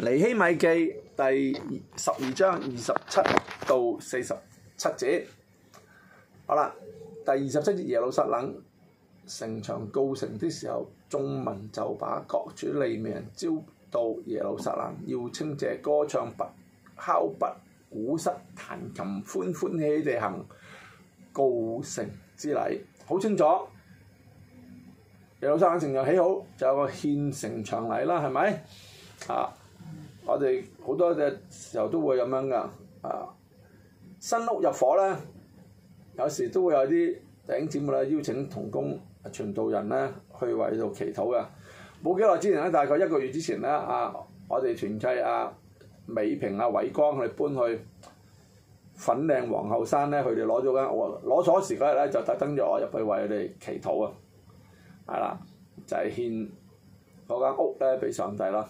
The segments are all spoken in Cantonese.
尼希米記第十二章二十七到四十七節，好啦，第二十七節耶路撒冷城牆告成的時候，眾民就把各處的利未人招到耶路撒冷，要稱謝、歌唱，敲鈸、鼓瑟，瑟、彈琴，歡歡喜喜地行告成之禮。好清楚，耶路撒冷城牆起好，就有個獻城牆禮啦，係咪啊？我哋好多嘅時候都會咁樣噶，啊，新屋入伙咧，有時都會有啲頂尖嘅咧，邀請同工傳道人咧去為佢哋祈禱嘅。冇幾耐之前咧，大概一個月之前咧，啊，我哋團契啊，美平啊，偉光佢哋搬去粉嶺皇后山咧，佢哋攞咗間屋，攞咗鎖匙嗰日咧就特登約我入去為佢哋祈禱啊，係啦，就係獻嗰間屋咧俾上帝咯。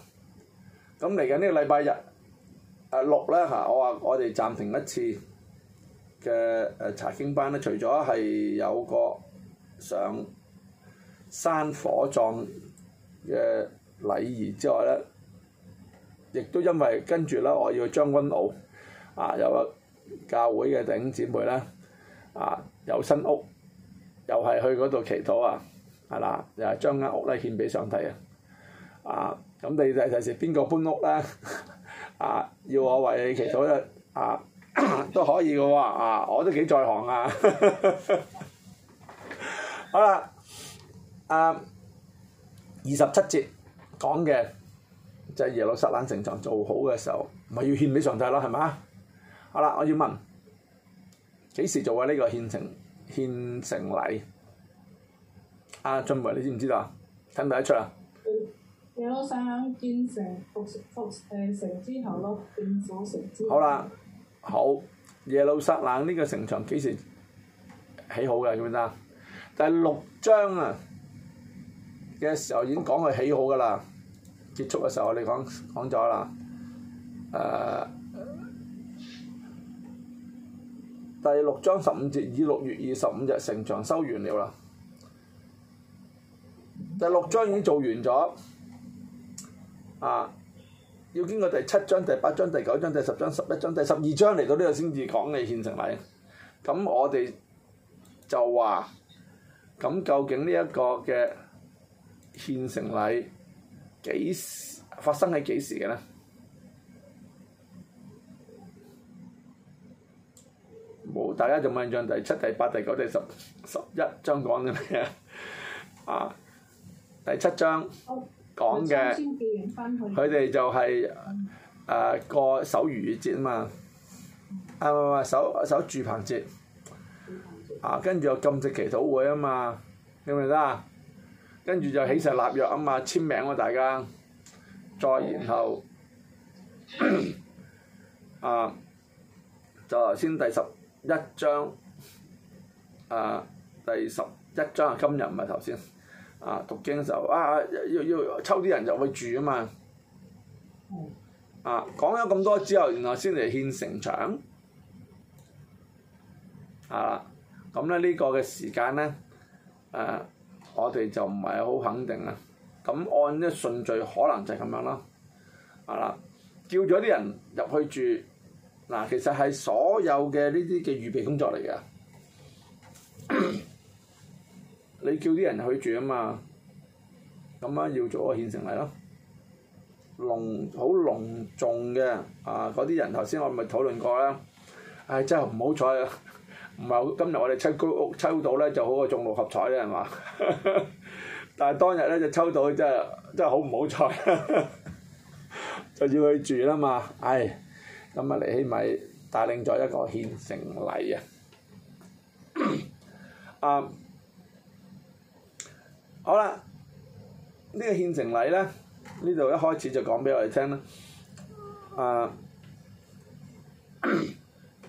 咁嚟緊呢個禮拜日，誒六咧嚇，我話我哋暫停一次嘅誒查經班咧，除咗係有個上山火葬嘅禮儀之外咧，亦都因為跟住咧我要去將軍澳，啊，有個教會嘅弟兄姊妹咧，啊有新屋，又係去嗰度祈禱啊，係啦，又係將間屋咧獻俾上帝啊，啊！咁你第第時邊個搬屋咧？ 啊，要我為你祈禱咧？啊，都可以嘅喎，啊，我都幾在行啊！ 好啦，誒、啊、二十七節講嘅就係、是、耶路撒冷城牆做好嘅時候，咪要獻俾上帝咯，係咪啊？好啦，我要問幾時做啊？呢個獻城獻城禮阿俊梅，你知唔知道啊？睇唔睇得出啊？耶路撒冷建成覆覆砌成之後咯，建咗城之後。好啦，好。耶路撒冷呢個城牆幾時起好嘅咁樣啊？第六章啊嘅時候已經講佢起好噶啦，結束嘅時候我哋講講咗啦。誒、呃，第六章十五節以六月二十五日城牆修完了啦。第六章已經做完咗。啊！要經過第七章、第八章、第九章、第十章、十一章、第十二章嚟到呢度先至講嘅獻城禮。咁我哋就話：咁究竟呢一個嘅獻城禮幾時發生喺幾時嘅呢？冇大家就冇印象，第七、第八、第九、第十、十一章講嘅咩啊！第七章。Oh. 講嘅，佢哋就係、是、誒、呃、過守逾越節啊嘛，啊，唔係唔係守守住棚節啊，跟住又禁食祈禱會啊嘛，明唔明啊？跟住就起誓立約啊嘛，簽名喎、啊、大家，再然後的 啊就頭先第十一章啊，第十一章啊，今日唔係頭先。啊！讀經嘅時候，啊、要要，要抽啲人入去住啊嘛！啊，講咗咁多之後，原來先嚟獻城牆。啊，咁咧呢、這個嘅時間咧，誒、啊，我哋就唔係好肯定啊。咁按啲順序，可能就係咁樣啦。啊啦，叫咗啲人入去住，嗱、啊，其實係所有嘅呢啲嘅預備工作嚟嘅。 你叫啲人去住啊嘛，咁啊要做個獻城禮咯，隆好隆重嘅，啊嗰啲人頭先我咪討論過啦，唉、哎、真係唔好彩，唔係今日我哋抽居屋抽到咧就好過中六合彩咧係嘛？ 但係當日咧就抽到真係真係好唔好彩， 就要去住啦嘛，唉、哎，咁啊尼希米帶領咗一個獻城禮啊， 啊～好啦，這個、獻成禮呢個獻城禮咧，呢度一開始就講俾我哋聽啦。誒、啊，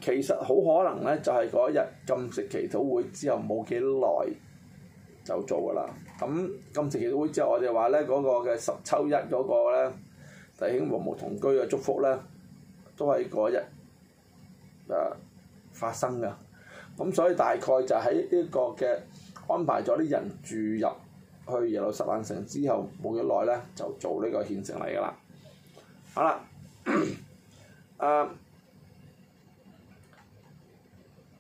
其實好可能咧，就係嗰一日禁食祈禱會之後冇幾耐就做噶啦。咁、嗯、禁食祈禱會之後，我哋話咧嗰個嘅十秋一嗰個咧弟兄和睦同居嘅祝福咧，都喺嗰日誒發生噶。咁、嗯、所以大概就喺呢個嘅安排咗啲人住入，去耶路撒冷城之後冇幾耐咧，就做呢個獻城禮嚟噶啦。好啦，誒、 啊，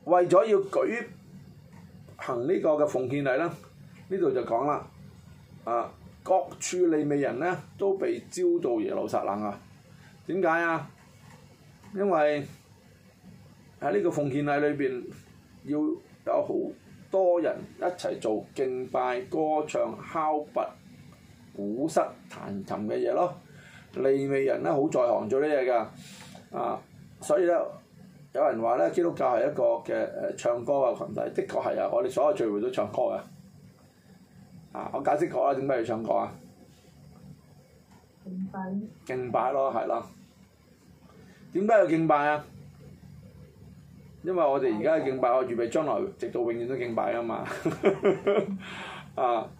為咗要舉行個呢個嘅奉獻禮啦，呢度就講啦，啊，各處利未人呢，都被招到耶路撒冷啊。點解啊？因為喺呢個奉獻禮裏邊要有好，多人一齊做敬拜、歌唱、敲鈸、鼓瑟、彈琴嘅嘢咯。利未人咧好在行做呢啲嘢㗎，啊，所以咧有人話咧基督教係一個嘅誒唱歌嘅群體，的確係啊，我哋所有聚會都唱歌嘅啊。啊，我解釋過啦，點解要唱歌啊？敬拜。敬拜咯，係咯。點解要敬拜啊？因為我哋而家嘅敬拜，我預、啊、備將來直到永遠都敬拜啊嘛， 啊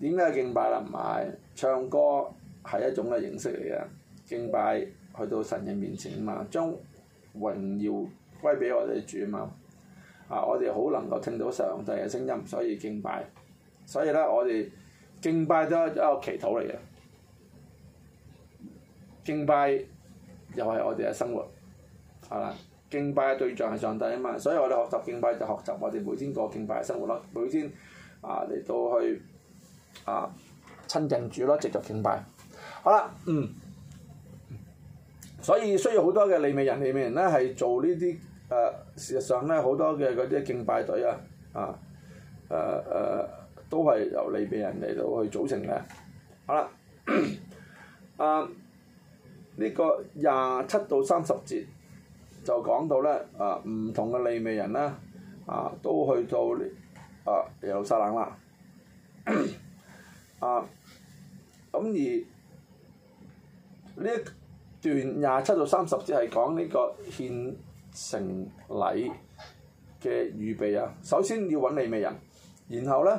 點解敬拜啦？唔係唱歌係一種嘅形式嚟嘅，敬拜去到神嘅面前啊嘛，將榮耀歸俾我哋主啊嘛，啊我哋好能夠聽到上帝嘅聲音，所以敬拜。所以咧，我哋敬拜都係一個祈禱嚟嘅，敬拜又係我哋嘅生活，係嘛？敬拜嘅對象係上帝啊嘛，所以我哋學習敬拜就學習我哋每天過敬拜嘅生活咯，每天啊嚟到去啊親近主咯，持續敬拜。好啦，嗯，所以需要好多嘅利未人，利未人咧係做呢啲誒，事實上咧好多嘅嗰啲敬拜隊啊啊誒誒、啊、都係由利未人嚟到去組成嘅。好啦，啊、嗯、呢、呢個廿七到三十節。就講到咧，啊，唔同嘅利未人啦，啊，都去到呢，啊，耶路撒冷啦，啊，咁而呢一段廿七到三十節係講呢個獻成禮嘅預備啊，首先要揾利未人，然後咧，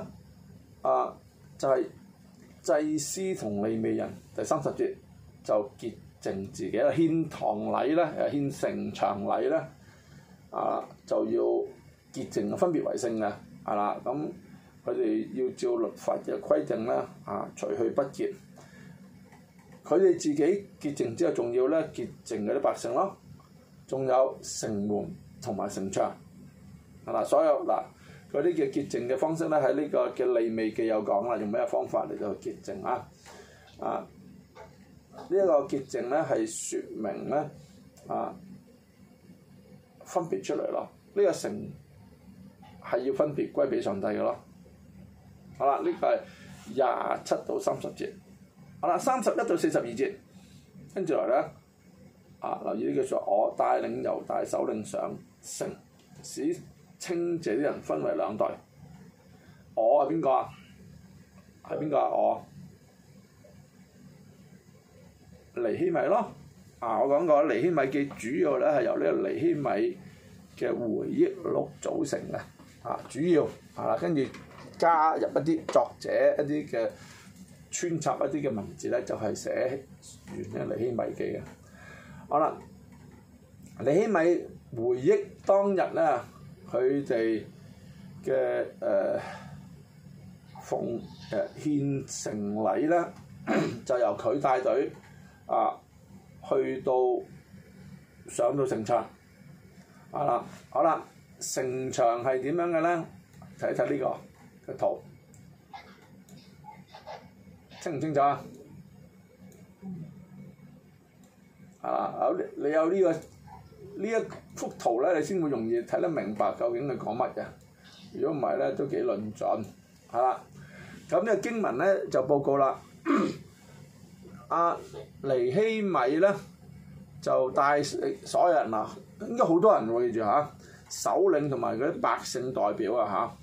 啊，就係、是、祭司同利未人第三十節就結淨自己啦，獻堂禮咧，又獻城牆禮咧，啊就要潔淨，分別為聖嘅，係啦，咁佢哋要照律法嘅規定咧，啊，除去不潔。佢哋自己潔淨之後，仲要咧潔淨嗰啲百姓咯，仲有城門同埋城牆，係啦，所有嗱嗰啲叫潔淨嘅方式咧，喺呢個嘅《利未記》嘅有講啦，用咩方法嚟到潔淨啊？啊！呢一個潔淨咧係説明咧啊，分別出嚟咯。呢、這個城係要分別歸俾上帝嘅咯。好、啊、啦，這個啊、呢個係廿七到三十節。好啦，三十一到四十二節，跟住嚟咧啊！留意啲叫做我帶領猶大首領上城，使稱謝啲人分為兩隊。我係邊個啊？係邊個啊？我。尼希米咯，啊！我講過《尼希米記》，主要咧係由呢個尼希米嘅回憶錄組成嘅，啊，主要係啦，跟、啊、住加入一啲作者一啲嘅穿插一啲嘅文字咧，就係、是、寫完呢《尼希米記》嘅、啊。好啦，尼希米回憶當日咧，佢哋嘅誒奉誒獻、呃、成禮咧， 就由佢帶隊。啊！去到上到城牆，啊啦，好啦，城牆係點樣嘅咧？睇睇呢個嘅、呢個、圖，清唔清楚啊？啊！有你有呢、呢個呢一幅圖咧，你先會容易睇得明白究竟係講乜嘅。如果唔係咧，都幾亂噉，係、啊、啦。咁呢個經文咧就報告啦。 啊，尼希米咧就帶所有人嗱，應該好多人喎，記住嚇，首領同埋嗰啲百姓代表啊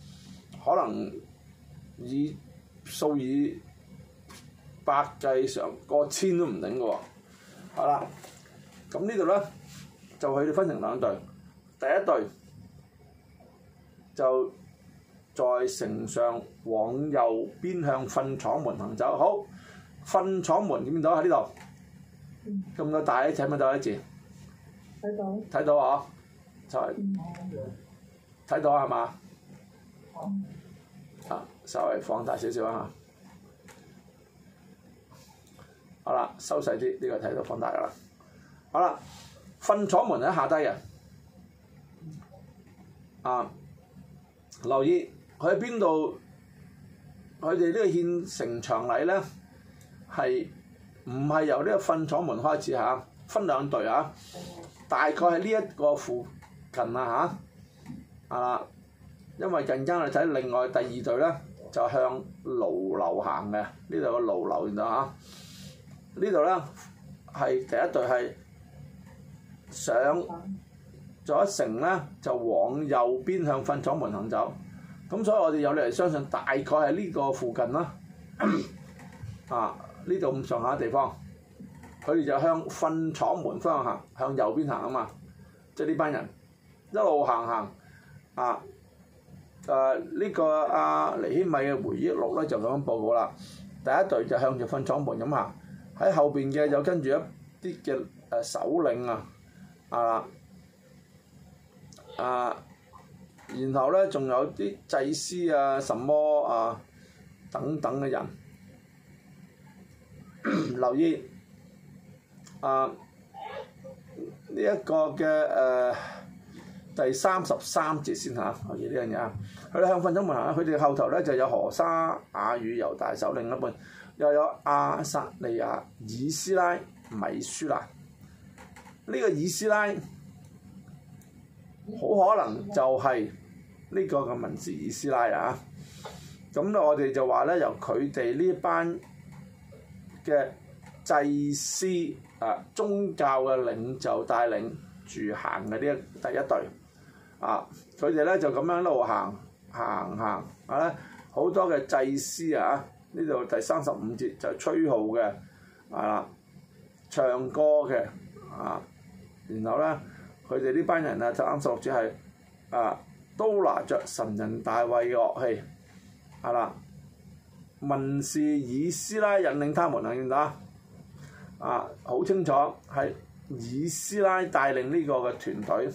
嚇，可能以數以百計上過千都唔頂嘅喎。好啦，咁呢度咧就佢哋分成兩隊，第一隊就在城上往右邊向糞廠門行走，好。糞廠門見唔到喺呢度？咁多大睇唔睇到一字？睇到。睇到啊！就係。睇到係嘛？啊，稍微放大少少啊！好啦，收細啲，呢、這個睇到放大啦。好、啊、啦，糞廠門喺下低啊！啊，留意佢喺邊度？佢哋呢個獻城牆禮咧？係唔係由呢個糞廠門開始嚇？分兩隊啊，大概係呢一個附近啊嚇啊，因為陣間我哋睇另外第二隊咧，就向爐樓行嘅，呢度個爐樓就嚇。呢度咧係第一隊係上咗一城咧，就往右邊向糞廠門行走。咁所以我哋有理由相信，大概係呢個附近啦，啊。呢度咁上下地方，佢哋就向糞廠門方向行，向右邊行啊嘛。即係呢班人一路行行啊，誒、啊、呢、這個尼、啊、希米嘅回憶錄咧就咁樣報告啦。第一隊就向住糞廠門咁行，喺後邊嘅就跟住一啲嘅誒首領啊啊啊，然後咧仲有啲祭司啊、什麼啊等等嘅人。留意啊！呢一個嘅誒第三十三節先嚇，留意呢樣嘢啊！佢哋向糞廠門行啊，佢哋、這個啊、後頭咧就有何沙雅與、猶大首領一半，又有亞撒利亞、以斯拉、米書蘭。呢、這個以斯拉好可能就係呢個嘅文字以斯拉啊！咁、啊、咧、嗯、我哋就話咧，由佢哋呢班。嘅祭司啊，宗教嘅領袖帶領住行嘅呢一第一隊啊，佢哋咧就咁樣一路行行行，啊，好多嘅祭司啊，呢度第三十五節就吹號嘅啊，唱歌嘅啊，然後咧佢哋呢班人呢啊，就啱十六節係啊，都拿着神人大衞嘅樂器啊啦。文士以斯拉引領他們，你見到啊？啊，好清楚係以斯拉帶領呢個嘅團隊，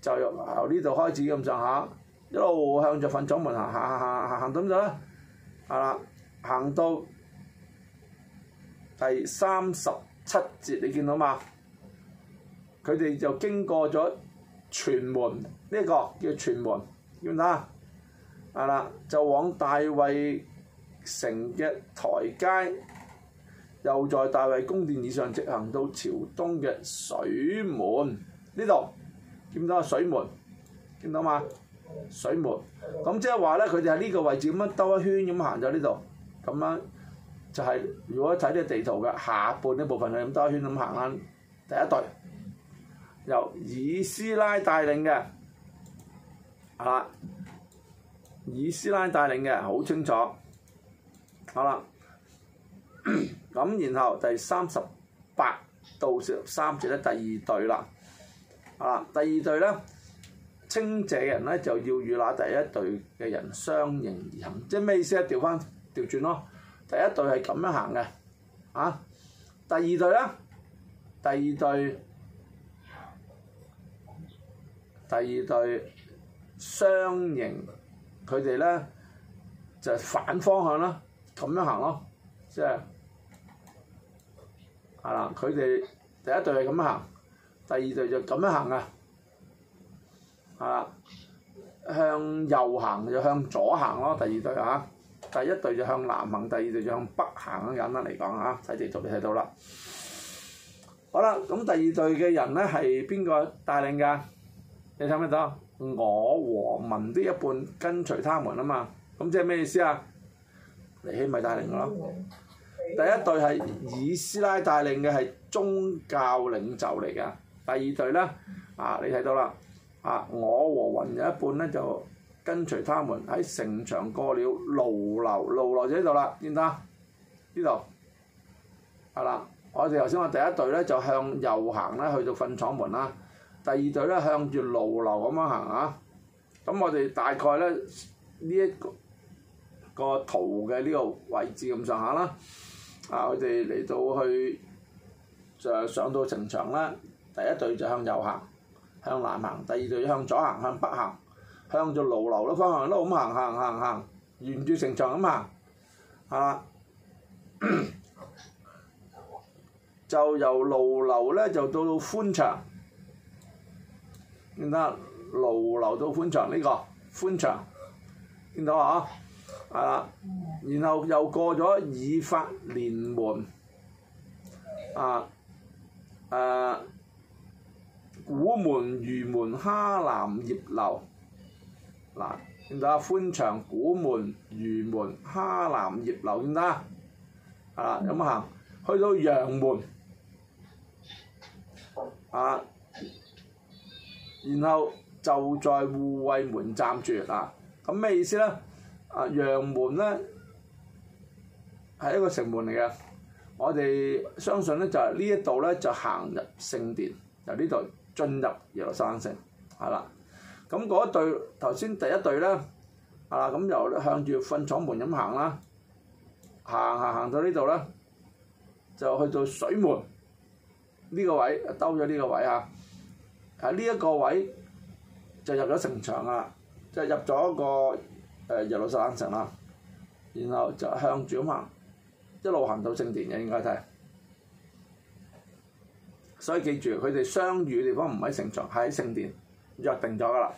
就由呢度開始咁上下，一路向著糞廠門行行行行行，行到邊度咧？係啦，行到第三十七節，你見到嘛？佢哋就經過咗泉門，呢、這、一個叫泉門，見唔到啊？係啦，就往大衛。城嘅台階，又在大衛宮殿以上直行到朝東嘅水門呢度，見到啊，水門，見到嘛？水門，咁即係話咧，佢哋喺呢個位置咁樣兜一圈咁行咗呢度，咁樣就係，如果睇呢個地圖嘅下半呢部分係咁兜一圈咁行啦。第一隊由以斯拉帶領嘅，係啦，以斯拉帶領嘅，好清楚。好啦，咁然後第三十八到四十三節咧，第二隊啦，好啦，第二隊咧，稱謝人咧就要與那第一隊嘅人相迎而行，即係咩意思咧？調翻調轉咯，第一隊係咁樣行嘅，啊，第二隊咧，第二隊，第二隊相迎呢，佢哋咧就反方向啦。咁樣行咯，即係係啦。佢哋第一隊係咁樣行，第二隊就咁樣行啊，係啦。向右行就向左行咯。第二隊啊，第一隊就向南行，第二隊就向北行咁樣嚟講啊。睇地圖你睇到啦。好啦，咁第二隊嘅人咧係邊個帶領㗎？你睇唔睇到？我和民的一半跟隨他們啊嘛。咁即係咩意思啊？尼希米帶領嘅咯，第一隊係以斯拉帶領嘅，係宗教領袖嚟㗎。第二隊咧啊，你睇到啦啊，我和雲有一半咧就跟隨他們喺城牆過了爐樓，爐樓就喺度啦，見唔見到？呢度係啦，我哋頭先話第一隊咧就向右行咧，去到糞廠門啦，第二隊咧向住爐樓咁樣行啊，咁我哋大概咧呢一、呢個。個圖嘅呢個位置咁上下啦，啊！佢哋嚟到去就上到城牆啦。第一隊就向右行，向南行；第二隊向左行，向北行，向住路樓咯方向都咁行行行行，沿住城牆咁行啊！ 就由路樓咧就到寬,到,流到寬場，見唔見啊？路樓到寬場呢個寬場，見到啊？係啦，然後又過咗以法蓮門，啊，誒，古門、魚門、哈南業樓，嗱，點解啊？寬牆古門、魚門、哈南業樓點解？啊，咁樣行，去到羊門，啊，然後就在護衛門站住，啊，咁咩意思咧？啊，羊門咧係一個城門嚟嘅，我哋相信咧就係，是，呢一度咧就行入聖殿，由呢度進入耶路撒冷城，係啦。咁，那，嗰，個，一隊頭先第一隊咧，係啦，咁由向住糞廠門咁行啦，行行行到呢度啦，就去到水門呢，這個位，兜咗呢個位嚇，喺，這，呢，個就是，一個位就入咗城牆啊，就入咗一個。耶路撒冷城啦，然後就向住咁行，一路行到聖殿嘅應該係，所以記住佢哋相遇地方唔喺城牆，喺聖殿約定咗㗎啦。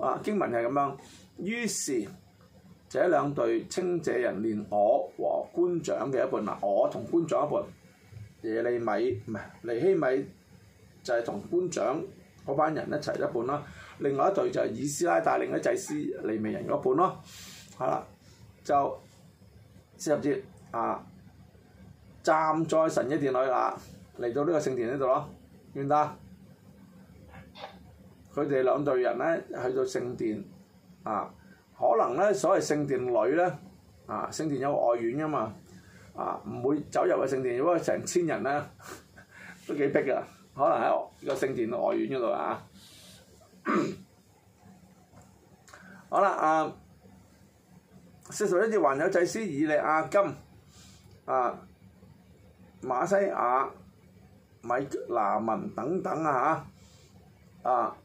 啊，經文係咁樣，於是呢兩隊稱謝人，連我和官長嘅一半嗱，我同官長一半，耶利米唔係尼希米就係同官長嗰班人一齊一半啦。另外一隊就係以斯拉帶領啲祭司利未人嗰半咯，係啦，就四十節啊，站在神嘅殿裏啊，嚟到呢個聖殿呢度咯，願得，佢哋兩隊人咧去到聖殿啊，可能咧所謂聖殿裏咧啊，聖殿有外院噶嘛，啊唔會走入去聖殿，如果成千人咧 都幾逼噶，可能喺個聖殿外院嗰度啊。 好啦，啊，四十一支還有祭司以利亞金、啊馬西亞、米拿文等等啊嚇，啊，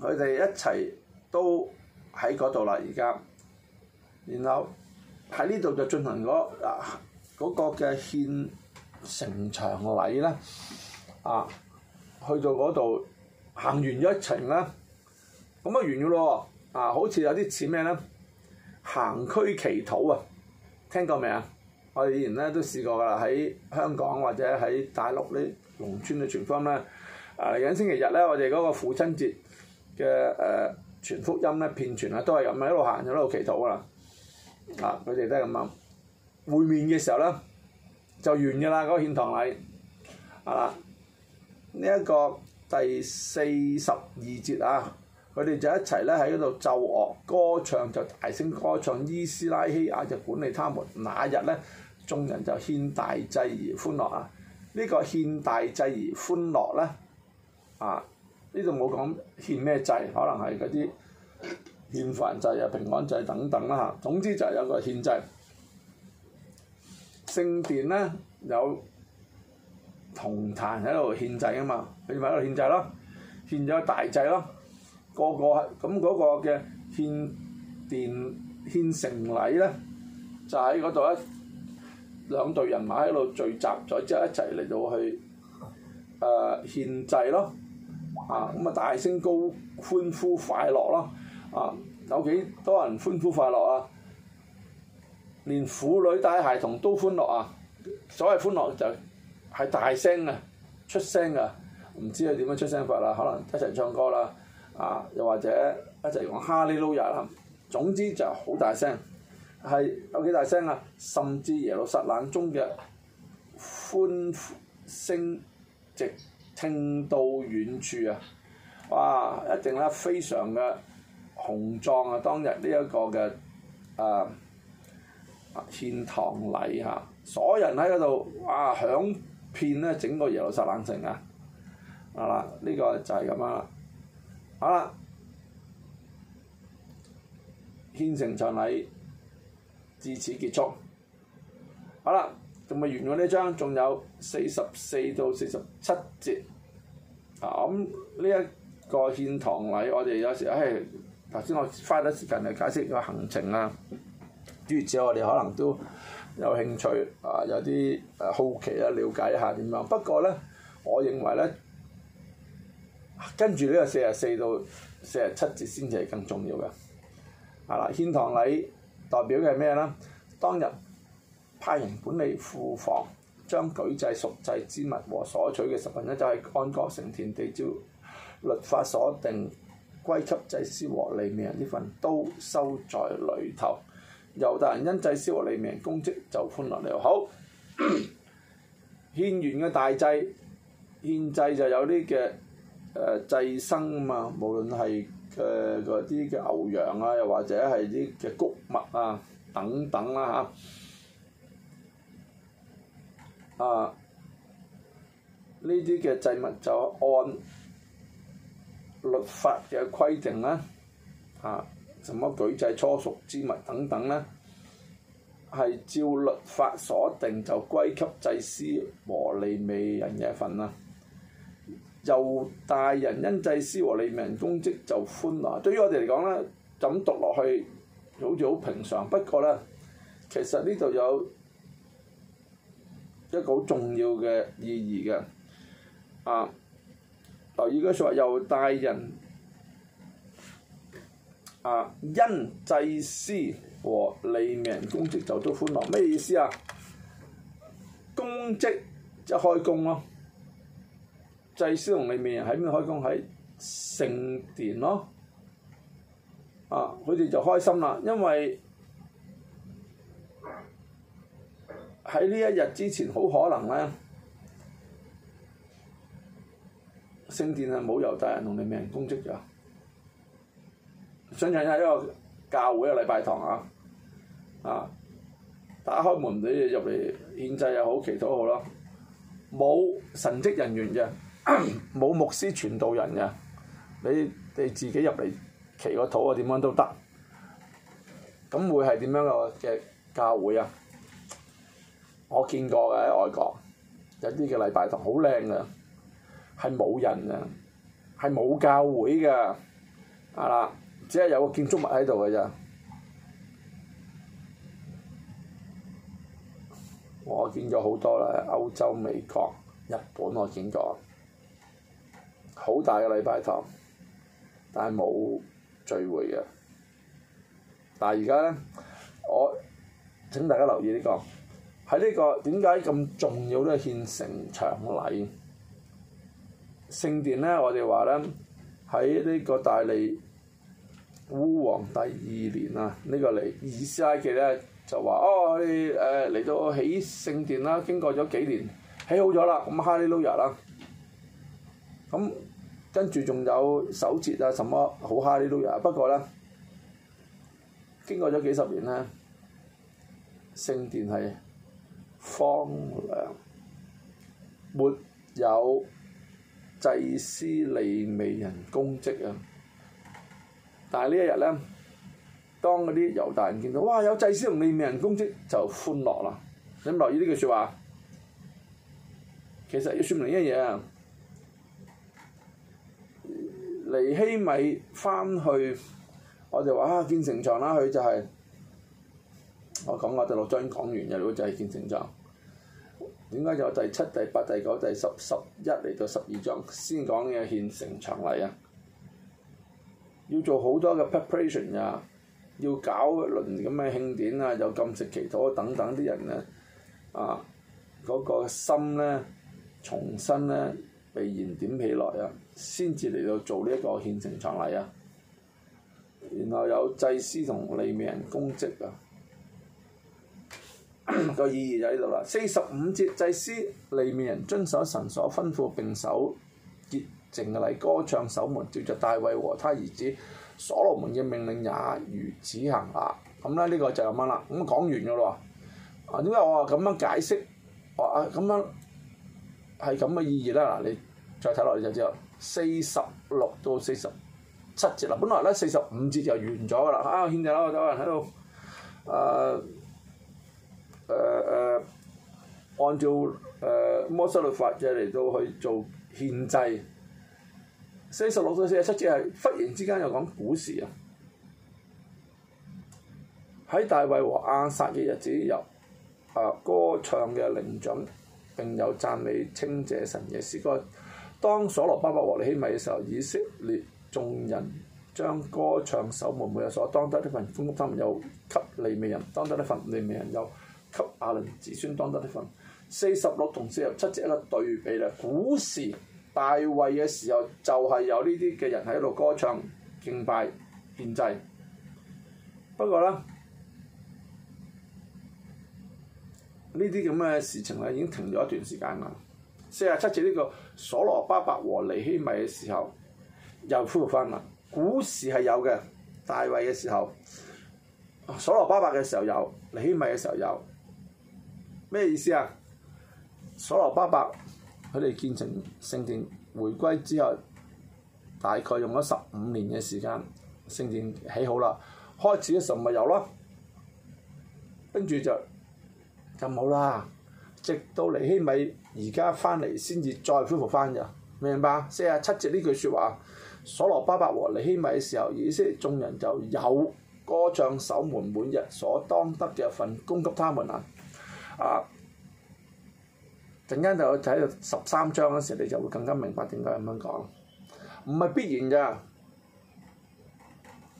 佢哋一齊都喺嗰度啦，而家，然後喺呢度就進行嗰、嗰個嘅、啊嗰個、獻城牆嘅禮啦，啊，去到嗰度。行完咗一程啦，咁啊完咗咯，啊好似有啲似咩咧？行區祈禱啊，聽過未啊？我哋以前咧都試過噶啦，喺香港或者喺大陸啲農村嘅傳福音咧，誒、呃、嚟緊星期日咧，我哋嗰個父親節嘅誒、呃、傳福音咧，遍傳啊，都係咁啊一路行一路祈禱噶啦，啊佢哋都係咁啊，會面嘅時候咧就完噶啦嗰個獻堂禮，啊，呢、這、一個。第四十二節啊，佢哋就一齊咧喺嗰度奏樂歌唱，就大聲歌唱。伊斯拉希亞、啊、就管理他們。那日咧，眾人就獻大祭而歡樂啊！呢、呢個獻大祭而歡樂咧，啊，呢度冇講獻咩祭，可能係嗰啲獻燔祭啊、平安祭等等啦、啊。總之就有個獻祭。聖殿咧有。紅壇喺度獻祭啊嘛，你咪喺度獻祭咯，獻咗大祭咯，個個係咁嗰個嘅獻殿獻成禮咧，就喺嗰度一兩隊人馬喺度聚集咗之後，一齊嚟到去誒獻祭咯，啊咁啊大聲高歡呼快樂咯，啊有幾多人歡呼快樂啊，連婦女帶孩童都歡樂啊，所謂歡樂就～係大聲啊，出聲啊，唔知佢點樣出聲法啦，可能一齊唱歌啦，啊，又或者一齊講哈利路亞啦，啊，總之就好大聲，係有幾大聲啊？甚至耶路撒冷中嘅歡聲直聽到遠處啊，啊，啊！哇，一定啦，非常嘅雄壯啊！當日呢一個嘅誒獻堂禮嚇，所有人喺嗰度啊響。片咧整個耶路撒冷城啊，啊啦，呢個就係咁樣啦。好啦，獻城陳禮至此結束。好啦，仲未完嘅呢一章，仲有四十四到四十七節。啊，咁呢一個獻堂禮，我哋有時唉，頭先我花咗時間嚟解釋個行程啦。跟住之後，我哋可能都～有興趣啊，有啲誒好奇啦，瞭解一下點樣。不過咧，我認為咧，跟住呢個四十四到四十七節先至係更重要嘅。係啦，獻堂禮代表嘅係咩咧？當日派人管理庫房，將舉祭、熟祭之物和所取嘅十分一咧，就係按各城田地照律法所定歸給祭司和利未人呢份，都收在裏頭。由大人因祭司和利未人，供職就歡樂了。好， 獻完嘅大祭，獻祭就有啲嘅誒祭牲啊，無論係誒嗰啲嘅牛羊啊，又或者係啲嘅穀物啊等等啦、啊、嚇。啊，呢啲嘅祭物就按律法嘅規定啦、啊，嚇、啊。什麼舉祭、初熟之物等等呢，係照律法所定，就歸給祭司和利未人嘅份啦。猶大人因祭司和利未人供職，就歡樂。對於我哋嚟講呢，咁讀落去好似好平常。不過呢，其實呢度有一個好重要嘅意義嘅。啊，留意嗰句話，猶大人。啊！因祭司和利命公職就都歡樂，咩意思啊？公職即係開工咯，啊，祭司同利命喺邊開工？喺聖殿咯，啊。啊！佢哋就開心啦，因為喺呢一日之前好可能咧，聖殿係冇由大人同利命公職㗎。想像一下一個教會嘅禮拜堂啊，啊，打開門你入嚟獻祭又好，祈禱好咯，冇神職人員嘅，冇 牧師傳道人嘅，你哋自己入嚟祈個禱啊，點樣都得。咁會係點樣嘅嘅教會啊？我見過嘅喺外國，有啲嘅禮拜堂好靚嘅，係冇人嘅，係冇教會嘅，啊啦～只係有個建築物喺度嘅咋。我見咗好多啦，歐洲、美國、日本我見過，好大嘅禮拜堂，但係冇聚會啊。但係而家咧，我請大家留意呢個喺呢個點解咁重要咧？獻城牆禮聖殿咧，我哋話咧喺呢個大利。烏王第二年啊，呢、這個嚟，以斯拉記咧就話：哦，誒嚟、呃、到起聖殿啦，經過咗幾年，起好咗啦，咁哈利路亞啦。咁、嗯、跟住仲有守節啊，什麼好哈利路亞。不過咧，經過咗幾十年咧，聖殿係荒涼，沒有祭司利未人供職啊。但係呢一日咧，當嗰啲猶大人見到，哇，有祭司同利未人供職，就歡樂啦。你唔留意呢句説話，其實要説明一樣嘢啊。尼希米翻去，我哋話啊建城牆啦，佢就係、是、我講過第六章已經講完嘅，如果就係、是、建城牆。點解有第七、第八、第九、第十、十一嚟到十二章先講嘅建城牆嚟啊？要做好多嘅 preparation 啊，要搞一輪咁嘅慶典啊，有禁食祈禱等等啲人咧，啊，嗰、那個心呢重新呢被燃點起來啊，先至嚟到做呢一個獻城牆禮啊，然後有祭司同利未人公職啊，個 意義就喺度啦。四十五節，祭司利未人遵守神所吩咐並守。淨係歌唱守門，叫做大衛和他兒子所羅門嘅命令也如此行啊！咁咧呢、呢個就咁樣啦，咁講完噶啦喎。啊，點解我話咁樣解釋？我啊咁樣係咁嘅意義啦嗱，你再睇落你就知啦。四十六到四十七節啦，本來咧四十五節就完咗噶啦。啊，獻祭啊，有人喺度誒誒誒，按照誒、呃、摩西律法嘅嚟到去做獻祭。四十六到四十七節係忽然之間又講古時啊！喺大衛和亞薩嘅日子有啊歌唱嘅伶長，並有讚美稱謝神嘅詩歌。當所羅巴伯和尼希米嘅時候，以色列眾人將歌唱守門每日所當得呢份供給，又給利未人當得呢份，利未人又給亞倫子孫當得呢份。四十六同四十七節一個對比啦，古時。大衛嘅時候就係、是、有呢啲嘅人喺度歌唱、敬拜、獻祭。不過咧，呢啲咁嘅事情咧已經停咗一段時間啦。四十七節呢個所羅巴伯，伯和尼希米嘅時候又恢復翻啦。古時係有嘅，大衛嘅時候，所羅巴伯嘅時候有，尼希米嘅時候有。咩意思啊？所羅巴伯，伯。佢哋建成聖殿，回歸之後，大概用咗十五年嘅時間，聖殿起好啦，開始嘅時候咪有咯，跟住就就冇啦，直到尼希米而家翻嚟先至再恢復翻嘅，明唔明白？四十七節呢句説話，所羅巴伯和尼希米嘅時候，以色列眾人就有歌唱守門，每日所當得嘅一份供給他們啊，啊！陣間就去睇到十三章嗰時，你就會更加明白點解咁樣講。唔係必然㗎，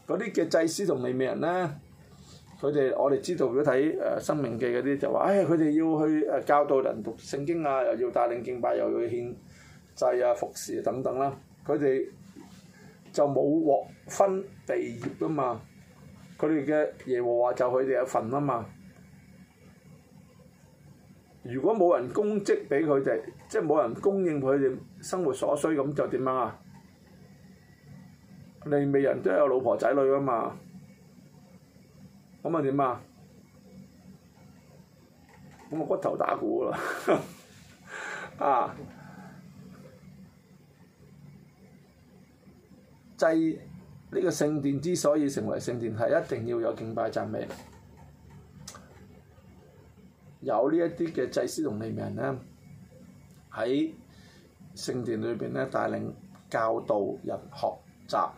嗰啲嘅祭司同利未人咧，佢哋我哋知道如果睇誒《生命記》嗰啲就話，誒佢哋要去誒教導人讀聖經啊，又要帶領敬拜，又要獻祭啊、服侍等等啦。佢哋就冇獲分地業㗎嘛，佢哋嘅耶和華就佢哋一份啊嘛。如果冇人供職俾佢哋，即係冇人供應佢哋生活所需，咁就點樣啊？利未人都有老婆仔女噶嘛，咁啊點啊？咁啊骨頭打鼓啦， 啊！祭，呢個聖殿之所以成為聖殿，係一定要有敬拜讚美。有呢一啲嘅祭司同利未人呢，喺聖殿裏邊咧，帶領教導人學習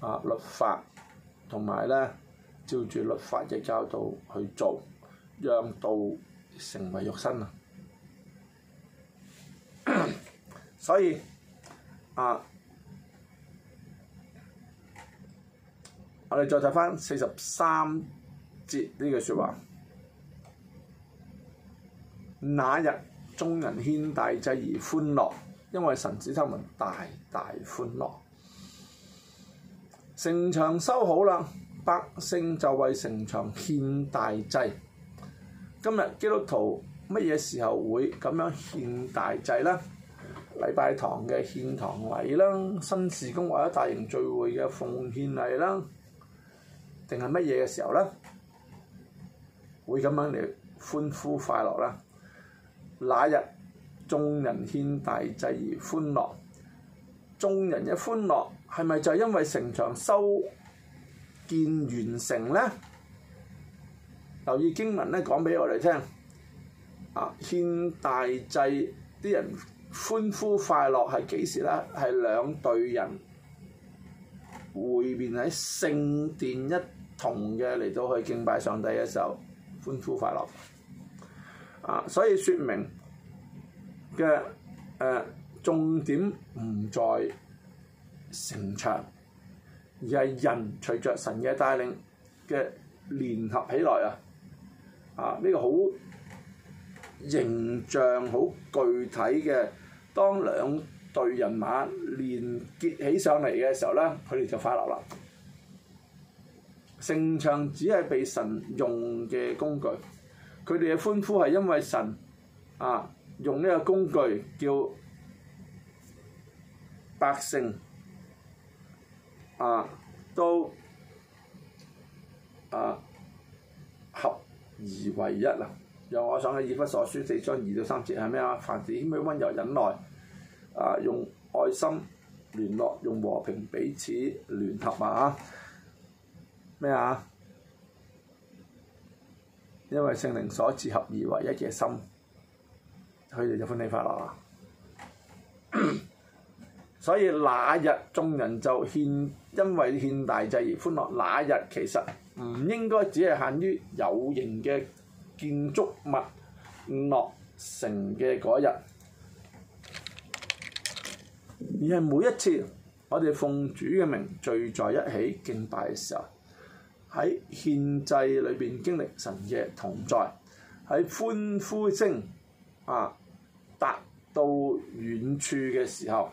啊律法，同埋呢照住律法嘅教導去做，讓道成為肉身啊！ 所以啊，我哋再睇翻四十三節呢句説話。那日眾人獻大祭而歡樂，因為神使他們大大歡樂。城牆修好啦，百姓就為城牆獻大祭。今日基督徒乜嘢時候會咁樣獻大祭咧？禮拜堂嘅獻堂禮啦，新事工或者大型聚會嘅奉獻禮啦，定係乜嘢嘅時候呢？會咁樣嚟歡呼快樂啦！那日，眾人獻大祭而歡樂，眾人嘅歡樂，係咪就係因為城牆修建完成呢？留意經文咧，講俾我哋聽，啊，獻大祭啲人歡呼快樂係幾時咧？係兩隊人會面喺聖殿一同嘅嚟到去敬拜上帝嘅時候，歡呼快樂。啊！所以説明嘅誒重點唔在城牆，而係人隨著神嘅帶領嘅聯合起來啊！啊，呢個好形象、好具體嘅。當兩隊人馬連結起上嚟嘅時候咧，佢哋就快樂啦。城牆只係被神用嘅工具。佢哋嘅歡呼係因為神啊用呢個工具叫百姓啊都啊合而為一啊！讓我想起以弗所書四章二到三節係咩啊？凡事謙虛、溫柔、忍耐啊，用愛心聯絡，用和平彼此聯合啊！咩啊？因為聖靈所結合而為一嘅心，佢哋就歡喜快樂啦。 所以那日眾人就獻，因為獻大祭而歡樂。那日其實唔應該只係限於有形嘅建築物落成嘅嗰日，而係每一次我哋奉主嘅名聚在一起敬拜嘅時候。喺獻祭裏邊經歷神嘅同在，喺歡呼聲啊達到遠處嘅時候，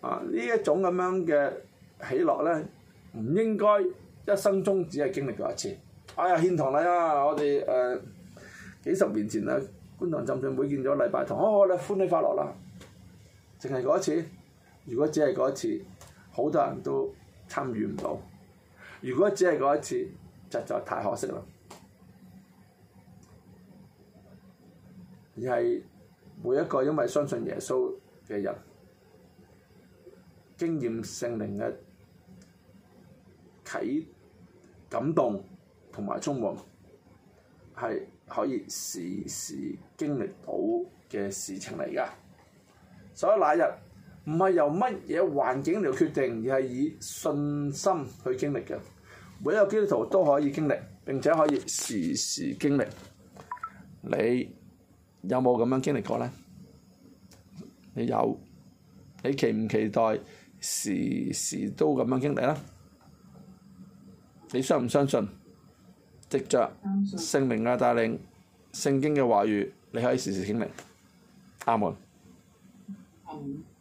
啊這這呢一種咁樣嘅喜樂咧，唔應該一生中只係經歷過一次。哎呀，獻堂禮啊，我哋誒、呃、幾十年前啊，觀塘浸信會見咗禮拜堂，哦，好歡喜快樂啦，淨係嗰一次。如果只係嗰一次，好多人都參與唔到。如果只係嗰一次，實在太可惜啦！而係每一個因為相信耶穌嘅人，經驗聖靈嘅啟、感動同埋充滿，係可以時時經歷到嘅事情嚟㗎。所以那日，唔係由乜嘢環境嚟決定，而係以信心去經歷嘅。每一個基督徒都可以經歷，並且可以時時經歷。你有冇咁樣經歷過呢？你有？你期唔期待時時都咁樣經歷呢？你相唔相信？藉着聖靈嘅帶領、聖經嘅話語，你可以時時經歷。阿門。阿門、嗯。